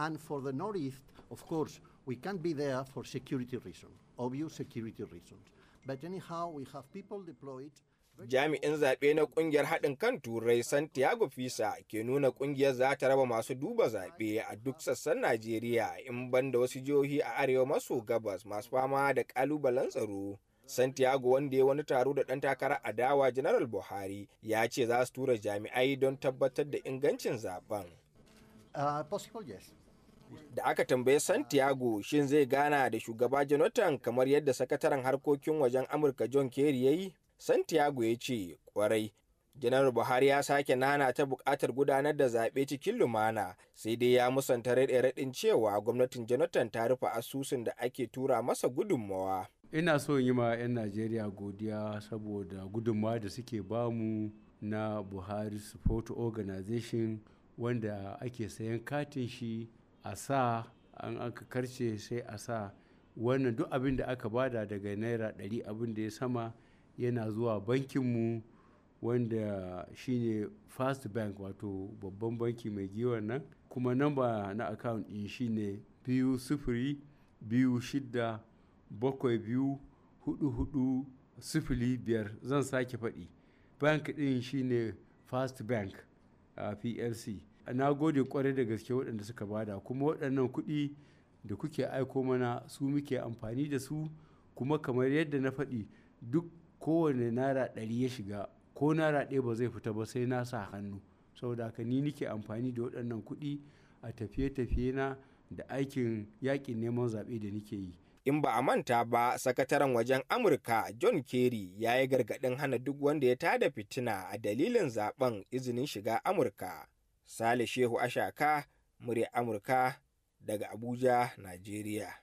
And for the Northeast, of course, we can't be there for security reasons, obvious security reasons. But anyhow, we have people deployed. Jami'in zaɓe na ƙungiyar haɗin kan Turai Santiago Fisa ke nuna ƙungiyar za ta raba masu duba zaɓe a duk sassan Najeriya in banda wasu jihohi a arewa maso gabas masu fama da ƙalubalen tsaro. Santiago wanda ya wani taro da ɗan takarar adawa General Buhari ya ce za su tura jami'ai don tabbatar da ingancin zaben. Uh, possible yes. da aka tambaye santiago shin zai gana da shugaba jonathan kamar yadda sakataren harkokin wajen amurka john kerry ya yi santiago ya ce kwarai janar buhari ya sake nana ta bukatar gudanar da zaɓe cikin lumana sai dai ya musanta raɗe-raɗin cewa gwamnatin jonathan ta rufe asusun da ake tura masa gudunmawa ina so yi ma 'yan najeriya godiya saboda gudunmawa da suke bamu na buhari support organization wanda ake sayan katin shi a sa an aka karce sai a sa wannan duk abin da aka bada daga naira ɗari abin da ya sama yana zuwa bankinmu wanda shine fast bank wato babban banki mai giwar nan kuma namba na account ɗin shine biyu sifiri biyu shidda bakwai biyu hudu hudu sifili biyar zan sake faɗi bank ɗin shine fast bank a uh, plc na gode kwarai da gaske waɗanda suka bada kuma waɗannan kuɗi da kuke aiko mana su muke amfani da su kuma kamar yadda na faɗi duk kowane naira ɗari ya shiga ko naira ɗaya ba zai fita ba sai na sa hannu saboda haka ni nike amfani da waɗannan kuɗi a tafiye-tafiye na da aikin yakin neman zaɓe da nike yi in ba a manta ba sakataren wajen amurka john kerry ya yi gargaɗin hana duk wanda ya tada fitina a dalilin zaben izinin shiga amurka Sale Shehu Ashaka, murya Amurka daga Abuja, Najeriya.